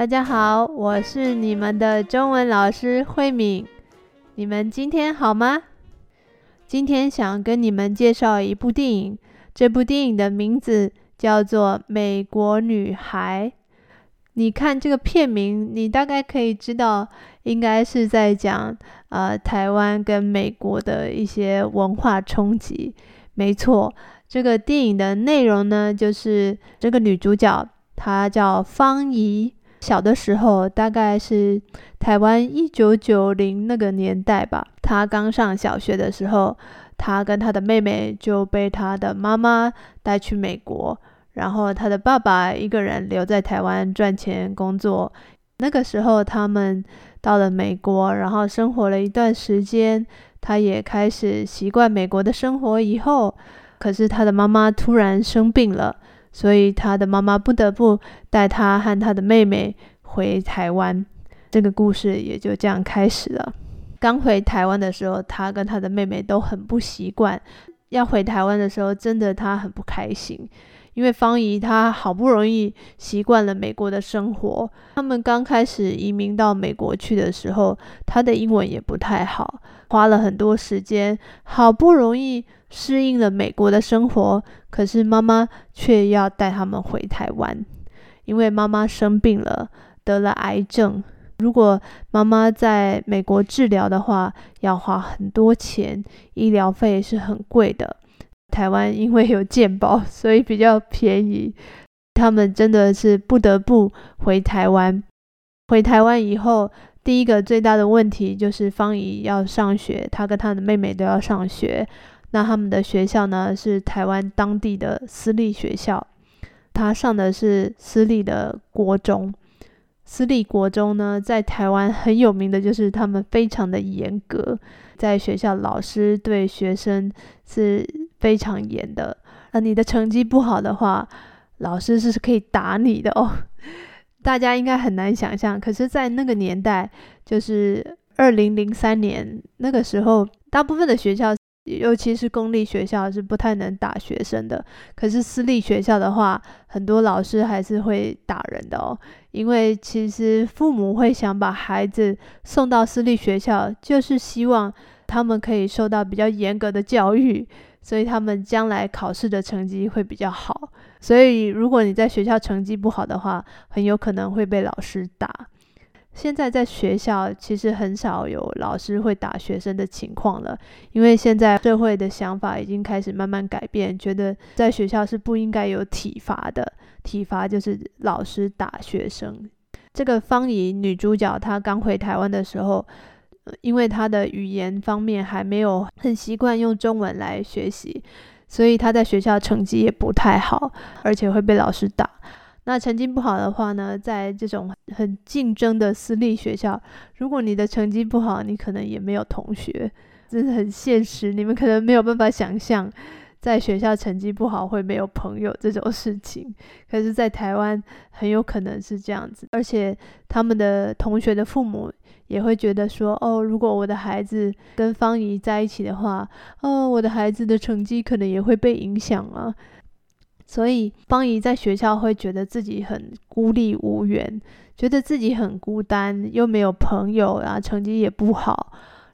大家好，我是你們的中文老師慧敏。你們今天好嗎？今天想跟你們介紹一部電影，這部電影的名字叫做《美國女孩》。你看這個片名，你大概可以知道，應該是在講呃台灣跟美國的一些文化衝擊。沒錯，這個電影的內容呢，就是這個女主角她叫方怡。小的時候，大概是台灣一九九零那個年代吧。他剛上小學的時候，他跟他的妹妹就被他的媽媽帶去美國，然後他的爸爸一個人留在台灣賺錢工作。那個時候，他們到了美國，然後生活了一段時間，他也開始習慣美國的生活以後，可是他的媽媽突然生病了。所以他的媽媽不得不帶他和他的妹妹回台灣，這個故事也就這樣開始了。剛回台灣的時候，他跟他的妹妹都很不習慣。要回台灣的時候，真的他很不開心。因為芳儀她好不容易習慣了美國的生活，他們剛開始移民到美國去的時候，她的英文也不太好，花了很多時間，好不容易適應了美國的生活，可是媽媽卻要帶他們回台灣，因為媽媽生病了，得了癌症，如果媽媽在美國治療的話，要花很多錢，醫療費是很貴的。台灣因為有健保，所以比較便宜。他們真的是不得不回台灣。回台灣以後，第一個最大的問題就是方怡要上學，他跟他的妹妹都要上學。那他們的學校呢是台灣當地的私立學校，他上的是私立的國中。私立國中呢，在台灣很有名的就是他們非常的嚴格，在學校老師對學生是，非常嚴的，那你的成績不好的話，老師是可以打你的哦。大家應該很難想象，可是，在那個年代，就是二零零三年那個時候，大部分的學校，尤其是公立學校是不太能打學生的。可是私立學校的話，很多老師還是會打人的哦。因為其實父母會想把孩子送到私立學校，就是希望他們可以受到比較嚴格的教育。所以他們將來考試的成績會比較好。所以如果你在學校成績不好的話，很有可能會被老師打。現在在學校其實很少有老師會打學生的情況了，因為現在社會的想法已經開始慢慢改變，覺得在學校是不應該有體罰的。體罰就是老師打學生。這個方怡女主角她剛回台灣的時候，因為他的語言方面還沒有很習慣用中文來學習，所以他在學校成績也不太好，而且會被老師打。那成績不好的話呢，在這種很競爭的私立學校，如果你的成績不好，你可能也沒有同學，真的很現實，你們可能沒有辦法想象。在學校成績不好會沒有朋友這種事情，可是，在台灣很有可能是這樣子。而且，他們的同學的父母也會覺得說：“哦，如果我的孩子跟方怡在一起的話，哦，我的孩子的成績可能也會被影響啊。”所以，方怡在學校會覺得自己很孤立無援，覺得自己很孤單，又沒有朋友，然後啊，成績也不好。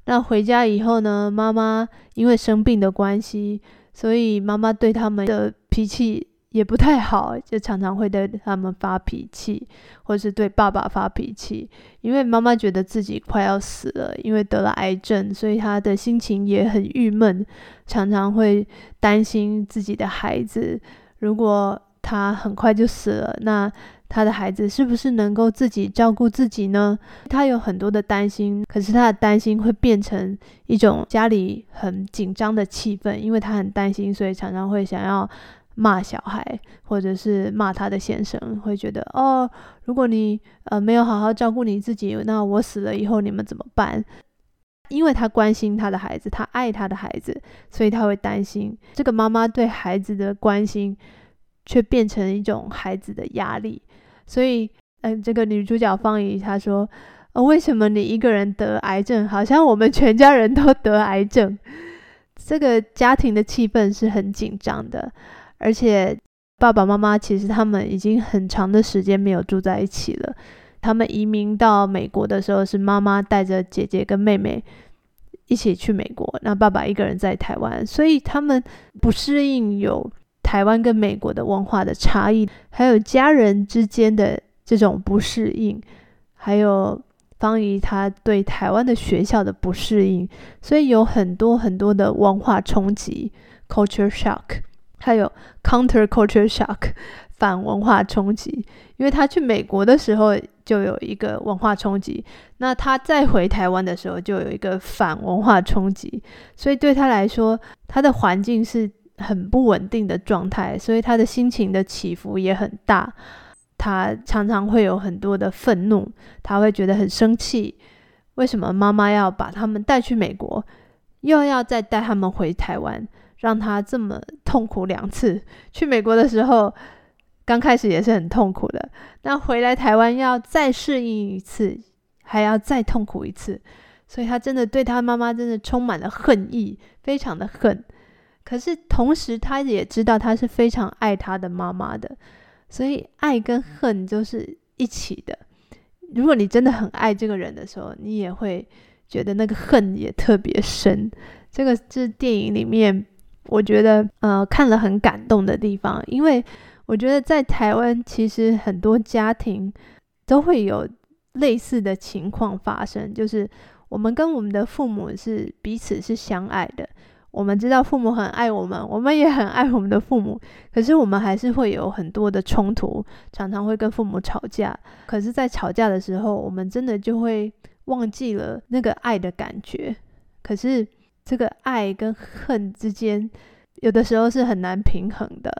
那回家以後呢？媽媽因為生病的關係。所以媽媽對他們的脾氣也不太好，就常常會對他們發脾氣，或是對爸爸發脾氣。因為媽媽覺得自己快要死了，因為得了癌症，所以她的心情也很鬱悶，常常會擔心自己的孩子。如果他很快就死了。那他的孩子是不是能夠自己照顧自己呢？他有很多的擔心，可是他的擔心會變成一種家裡很緊張的氣氛，因為他很擔心，所以常常會想要罵小孩，或者是罵他的先生，會覺得哦，如果你呃沒有好好照顧你自己，那我死了以後你們怎麼辦？因為他關心他的孩子，他愛他的孩子，所以他會擔心。這個媽媽對孩子的關心。卻變成一種孩子的壓力，所以，嗯，這個女主角芳儀她說：“哦，為什麼你一個人得癌症？好像我們全家人都得癌症。這個家庭的氣氛是很緊張的，而且爸爸媽媽其實他們已經很長的時間沒有住在一起了。他們移民到美國的時候，是媽媽帶着姐姐跟妹妹一起去美國，那爸爸一個人在台灣，所以他們不適應有。”台灣跟美國的文化的差異，還有家人之間的這種不適應，還有芳怡她對台灣的學校的不適應，所以有很多很多的文化衝擊 （culture shock），還有 counter culture shock 反文化衝擊。因為他去美國的時候就有一個文化衝擊，那他再回台灣的時候就有一個反文化衝擊，所以對他來說，他的環境是。很不穩定的狀態，所以他的心情的起伏也很大。他常常會有很多的憤怒，他會覺得很生氣：為什麼媽媽要把他們帶去美國，又要再帶他們回台灣，讓他這麼痛苦兩次？去美國的時候剛開始也是很痛苦的，但回來台灣要再適應一次，還要再痛苦一次，所以他真的對他媽媽真的充滿了恨意，非常的恨。可是同時，他也知道他是非常愛他的媽媽的，所以愛跟恨就是一起的。如果你真的很愛這個人的時候，你也會覺得那個恨也特別深。這個是電影裡面我覺得呃看了很感動的地方，因為我覺得在台灣其實很多家庭都會有類似的情況發生，就是我們跟我們的父母是彼此是相愛的。我們知道父母很愛我們，我們也很愛我們的父母。可是我們還是會有很多的衝突，常常會跟父母吵架。可是，在吵架的時候，我們真的就會忘記了那個愛的感覺。可是，這個愛跟恨之間，有的時候是很難平衡的。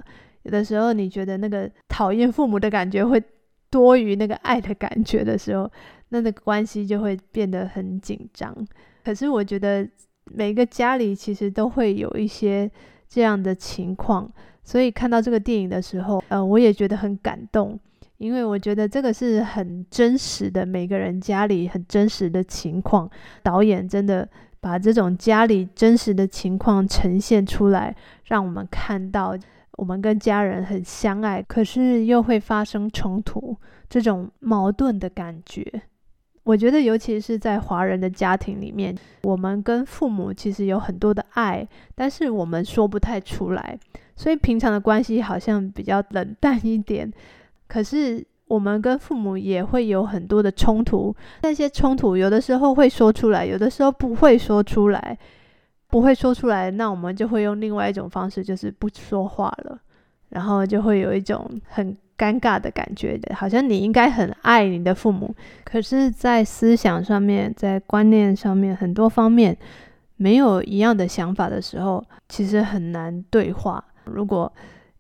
有的時候，你覺得那個討厭父母的感覺會多於那個愛的感覺的時候，那那個關係就會變得很緊張。可是，我覺得。每個家裡其實都會有一些這樣的情況，所以看到這個電影的時候，呃，我也覺得很感動，因為我覺得這個是很真實的，每個人家裡很真實的情況。導演真的把這種家裡真實的情況呈現出來，讓我們看到我們跟家人很相愛，可是又會發生衝突，這種矛盾的感覺。我覺得，尤其是在華人的家庭裡面，我們跟父母其實有很多的愛，但是我們說不太出來，所以平常的關係好像比較冷淡一點。可是我們跟父母也會有很多的衝突，那些衝突有的時候會說出來，有的時候不會說出來，不會說出來，那我們就會用另外一種方式，就是不說話了，然後就會有一種很尷尬的感覺的，好像你應該很愛你的父母，可是，在思想上面，在觀念上面很多方面沒有一樣的想法的時候，其實很難對話。如果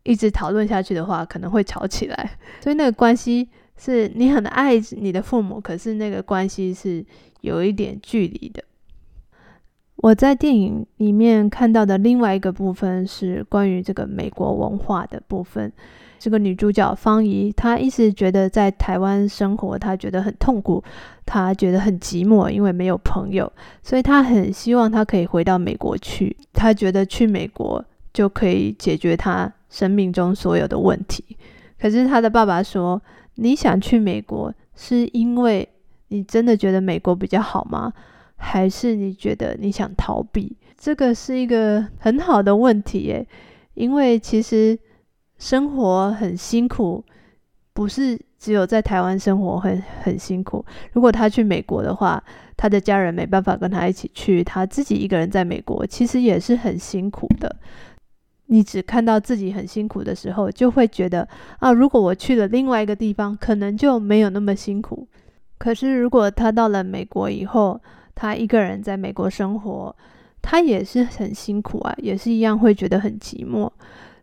一直討論下去的話，可能會吵起來。所以那個關係是你很愛你的父母，可是那個關係是有一點距離的。我在電影裡面看到的另外一個部分是關於這個美國文化的部分。這個女主角芳儀，她一直覺得在台灣生活，她覺得很痛苦，她覺得很寂寞，因為沒有朋友，所以她很希望她可以回到美國去。她覺得去美國就可以解決她生命中所有的問題。可是她的爸爸說：“你想去美國，是因為你真的覺得美國比較好嗎？”還是你覺得你想逃避？這個是一個很好的問題耶，因為其實生活很辛苦，不是只有在台灣生活很很辛苦。如果他去美國的話，他的家人沒辦法跟他一起去，他自己一個人在美國，其實也是很辛苦的。你只看到自己很辛苦的時候，就會覺得啊，如果我去了另外一個地方，可能就沒有那麼辛苦。可是如果他到了美國以後，他一個人在美國生活，他也是很辛苦啊，也是一樣會覺得很寂寞，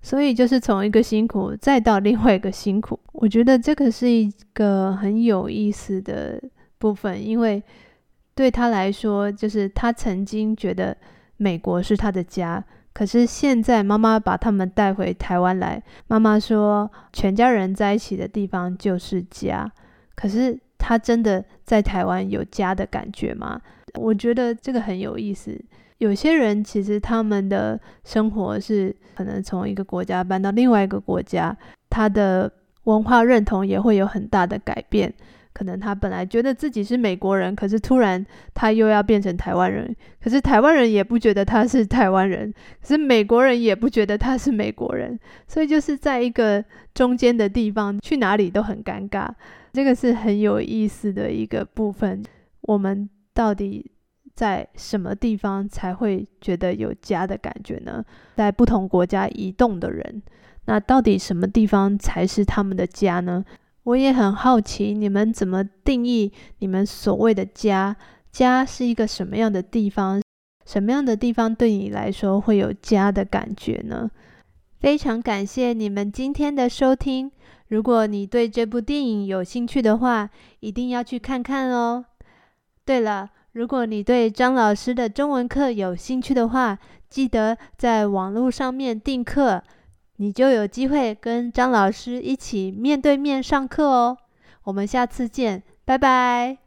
所以就是從一個辛苦再到另外一個辛苦，我覺得這個是一個很有意思的部分，因為對他來說，就是他曾經覺得美國是他的家，可是現在媽媽把他們帶回台灣來，媽媽說全家人在一起的地方就是家，可是他真的在台灣有家的感覺嗎？我覺得這個很有意思。有些人其實他們的生活是可能從一個國家搬到另外一個國家，他的文化認同也會有很大的改變。可能他本來覺得自己是美國人，可是突然他又要變成台灣人，可是台灣人也不覺得他是台灣人，可是美國人也不覺得他是美國人。所以就是在一個中間的地方，去哪裡都很尷尬。這個是很有意思的一個部分。我們。到底在什麼地方才會覺得有家的感覺呢？在不同國家移動的人，那到底什麼地方才是他們的家呢？我也很好奇，你們怎麼定義你們所謂的家？家是一個什麼樣的地方？什麼樣的地方對你來說會有家的感覺呢？非常感謝你們今天的收聽。如果你對這部電影有興趣的話，一定要去看看哦。對了，如果你對張老師的中文課有興趣的話，記得在網絡上面訂課，你就有機會跟張老師一起面對面上課哦。我們下次見，拜拜。